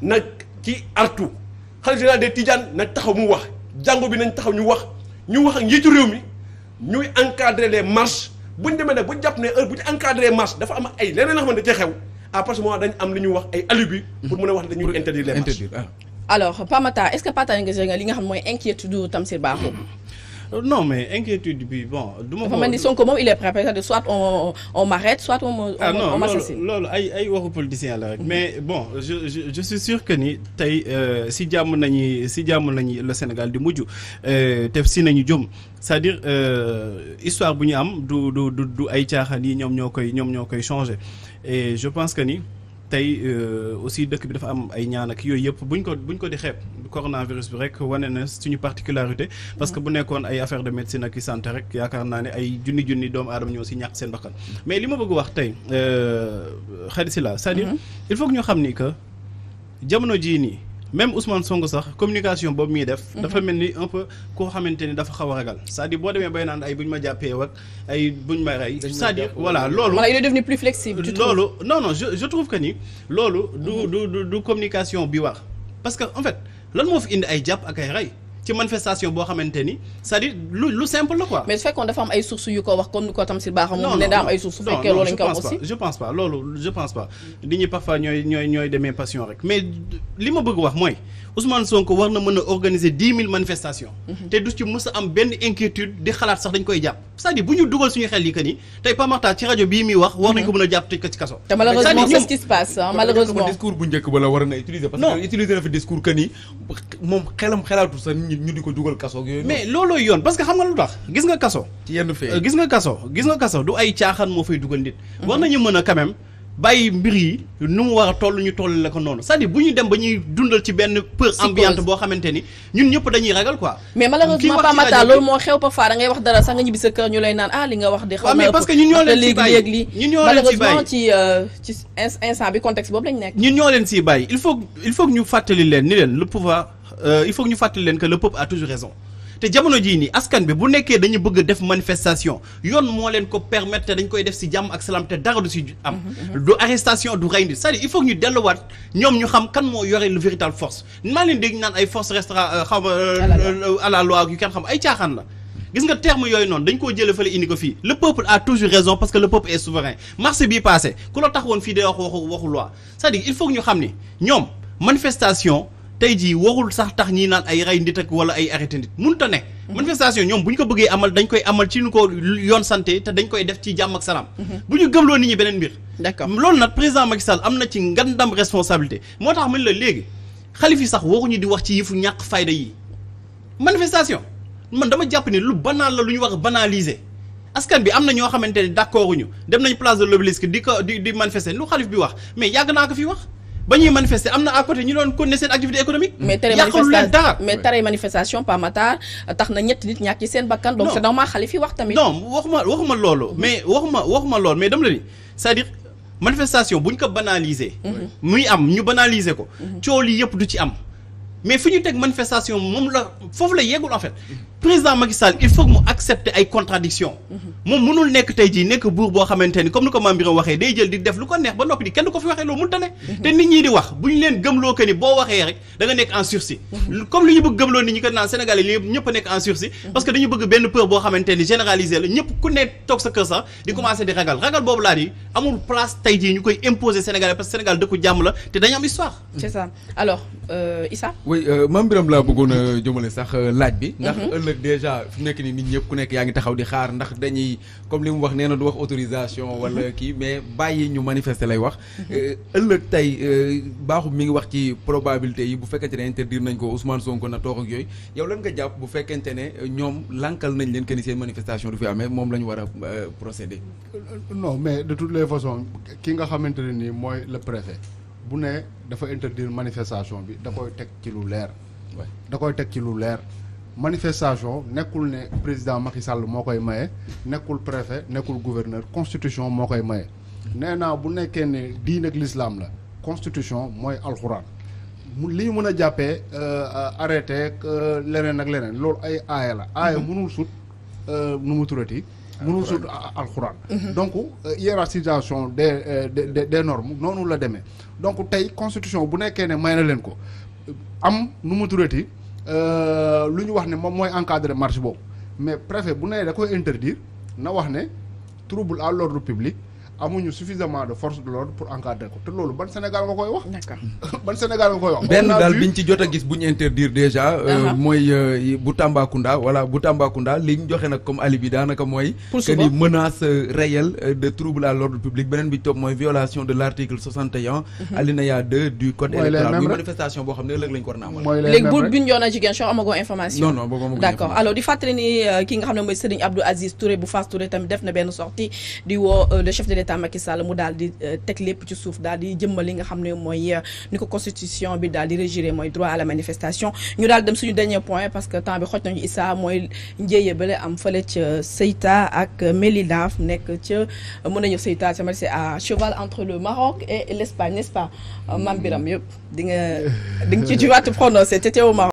nag ci artu xalifa général des Tidianes nag taxaw mu wax jàngo bi nañ taxaw ñu wax ñu wax ak njiitu réew mi ñuy encadrer les marches buñ demee nag ba jàpp ne heure bu ñu encadrer marche dafa am ay leneen la xamante da cee xew à partir moment dañ am lu ñuy wax ay alibi pour mën a wax ne interdire les marches ah. Pamata est-ce que partage li nga xam mooy inquiétude Tamsir Bakhoum Euh, non mais inquiétude bi bon. du ma man dafa mel ni Sonko moom il est préparé de soit on on m'arrête soit on me. ah non loolu loolu ay ay waxu politicien la rek. Mhm. mais bon je je suis sûr que ni tey euh, si jàmm nañu si jàmm nañu le Sénégal di mujj euh, te si nañu jëm c'est-à-dire histoire bu ñu am du du du ay caaxaan yi ñoom ñoo koy ñoom ñoo koy changé e je pense que ni tey aussi dëkk bi dafa am ay ñaan ak yooyu yëpp buñ ko buñ ko di xeeb. coronavirus bi rek wane na suñu particularité parce que bu nekkoon ay affaire de médecine ak i santé rek yaakaar naa ne ay junni junni doomu aadama ñoo si ñàkk seen bakkan mais li ma bëgg wax tey xarit euh, si la cest dire mhm. il faut ñu xam ni que jamono jii nii même Ousmane Sonko sax communication boobu muy def. Mhm. dafa mel ni un peu koo xamante ni dafa xaw a ragal cest dire boo demee bay naan ay buñ ma jàppee ak ay buñ ma rey. c'est-à-dire voilà loolu. voilà il est devenu plus flexible. loolu non non je je trouve que ni. loolu du mhm. du du communication bi wax parce que en lan moo fi indi ay jàpp ak ay rey ci manifestation boo xamante ni sa à lu lu simple la quoi. mais su fekkoon dafa am ay sources yu ko wax kon ni ko Tamsir Ba xam. non ne daa am ay sources. su fekkee loolu lañ ko wax aussi je pense pas loolu je pense pas. nit ñi parfois ñooy ñooy ñooy demee passion rek mais li ma bëgg wax mooy. Ousmane Sonko war na mën a organiser dix mille manifestations. Mhm. te du ci mës a am benn inquiétude di xalaat sax dañ koy jàpp cest à bu ñu dugal suñu xel yi que ni tey Pape Makhtar ci rajo bii muy wax. war nañ ko mën a jàpp tëj ko ci kaso. war na utiliser. parce que utiliser na fi ñu di ko dugal kaso yooyu. mais loolooy yoon parce que xam nga lu tax gis nga kaso. Euh, gis nga kaso gis nga kaso du ay caaxaan moo fay dugal nit. Mhm. war nañu mën a quand même bàyyi mbir yi nu mu war a toll ñu toll la ko noonu cest à bu ñu dem ba ñuy dundal ci benn peur ambiante boo xamante ni ñun ñëpp dañuy ragal quoi mais malheureusement Pape Makhtar loolu moo xew ngay wax dara sax nga ñu lay ah, li nga wax di xaw mais parce que ñun ñoo leen ci bàyyi euh, bi contexte boobu lañ nekk ñun ñoo leen siy bàyyi il faut il faut que ñu fàttali leen ni leen le pouvoir euh, il faut ñu fàttali leen que le peuple a toujours raison te jamono jii nii askan bi bu nekkee dañu bëgg def manifestation yoon moo leen ko permettre te dañ koy def si jàmm ak salaam te dara du si am. Mhm, mhm. du arrestation du rey nit cest à il faut ñu delluwaat ñoom ñu xam kan moo yore le véritable force maa leen dégg naan ay force restera euh, xaw ma. Euh, à la loi euh, yu kenn xam ay caaxaan la. gis nga terme yooyu noonu dañ koo jëlee fële indi ko fii le peuple a toujours raison parce que le peuple est souverain marché bii passé ku la tax woon fii day wax waxu waxu loi c'est-à-dire xam ni ñoom manifestation. tey jii warul sax tax ñi naan ay rey nit ak wala ay arrêté nit mun ta ne. Mhm. manifestation ñoom bu ñu ko bëggee amal dañ koy amal ci ñu ko yoon santé te dañ koy def ci jàmm ak salaam. Mhm. bu ñu gëmloo nit ñi beneen mbir. d'accord loolu nag président Macky Sall am na ci ngandam responsabilité moo tax man la léegi xalif yi sax waruñu di wax ci yëfu ñàkk fayda yi manifestation man dama jàpp ni lu banal la lu ñu wax a askan bi am na ñoo xamante ne d'accorduñu dem nañ place de l'Obélisque ko di di manifester lu xalif bi wax mais yàgg naa ko fi wax. ba ñuy manifester am na à côté ñu doon continuer seen activité économique. yàqalu leen dara mais tere manifestation Pape Matar tax na ñett nit ñàkk seen bakkan. donc c'est normal xale fi wax tamit. non waxuma waxuma loolu. Mm-hmm. mais waxuma waxuma loolu mais dama la ni c'est-à-dire manifestation bu ñu ko banaliser. Mm-hmm. muy am ñu banaliser ko. Mm-hmm. coow li yëpp du ci am. mais fi ñu teg manifestation moom la foofu la yeggul en fait président Macky Sall il faut mu accepter ay contradiction moom mënul nekk tey jii nekk buur boo xamante ni comme waxee day jël di lu ko kenn ko fi waxee loolu mënta ne te nit ñi di wax bu ñu leen gëmloo que ni boo waxee rek da nga nekk en sursis comme li ñu bëgg gëmloo nit ñi ko naan Sénégalais li ñëpp a nekk en sursis parce que dañu bëgg benn peur boo xamante ni généralisé la ñëpp ku ne toog sa kër sax di commencé jii ñu koy imposer Sénégalais parce que Sénégal dëkku jàmm la te dañu am histoire oui euh, mam mbiram laa bëggoon a sax euh, laaj bi. Mhm. ndax ëllëg dèjà fi nekk nii nit ñëpp ku nekk yaa ngi taxaw di xaar ndax dañuy comme li mu wax nee na du wax autorisation. Mhm. wala kii mais bàyyi ñu manifester lay wax. Mhm. Euh, ëllëg tey baaxum mi ngi wax ci probabilité yi bu fekkente ne interdire nañ ko Ousmane Sonko na toog ak yooyu yow lan nga jàpp bu fekkente ne ñoom lankal nañ leen que ni seen manifestation du fi amee moom la ñu war a procéder. non mais de toutes les façons nga xamante ne nii mooy le préfet. bu ne dafa interdire manifestation bi da koy teg ci lu leer. da koy teg ci lu leer. manifestation nekkul ne président Macky Sall moo koy maye nekkul préfet nekkul gouverneur constitution moo koy maye. nee naa bu nekkee ne diin ak lislaam la constitution mooy alxuraan mu lii mën a jàppee euh, arrêté euh, leneen ak leneen loolu ay aaya la. aaya mhm. mënul sut euh, nu mu turati. mënul sut alxuraan donc euh, hiérarchisation des euh, de des normes noonu la demee donc tey constitution bu nekkee ne may na leen ko am nu mu turati euh, lu ñu wax ne moom mooy encadrer marche boobu mais préfet bu nee da koy interdire na wax ne trouble à l'ordre public amuñu suffisamment de force de l'ordre pour encadrer ko te loolu ban Sénégal nga koy wax. benn daal biñ ci jot a gis bu ñu interdire déjà. Euh, uh-huh. mooy euh, bu Tambacounda voilà bu Tambacounda li ñu joxe nag comme alibi daanaka mooy. que ni menace euh, réelle de trouble à l'ordre public beneen bi topp mooy violation de l'article 61. Uh-huh. alinéa 2 du code électoral muy manifestation boo xam ne ëllëg lañ ko war a amal. mooy bu buñ yoon a jigéen soo amagoo information. na benn sortie di état Macky Sall mu daal di euh, teg lépp ci suuf daal di jëmmal li nga xam ne mooy euh, ni ko constitution bi daal di régiré mooy droit à la manifestation ñu daal dem suñu dernier point parce que temps xoj nañu Issa mooy njéeye bale am fële ca Ceuta ak Melilla nekk ca euh, mën nañu ca c'est à cheval entre le Maroc et l'Espagne n'est-ce yëpp di nga di nga ci tu vas te prononcer Maroc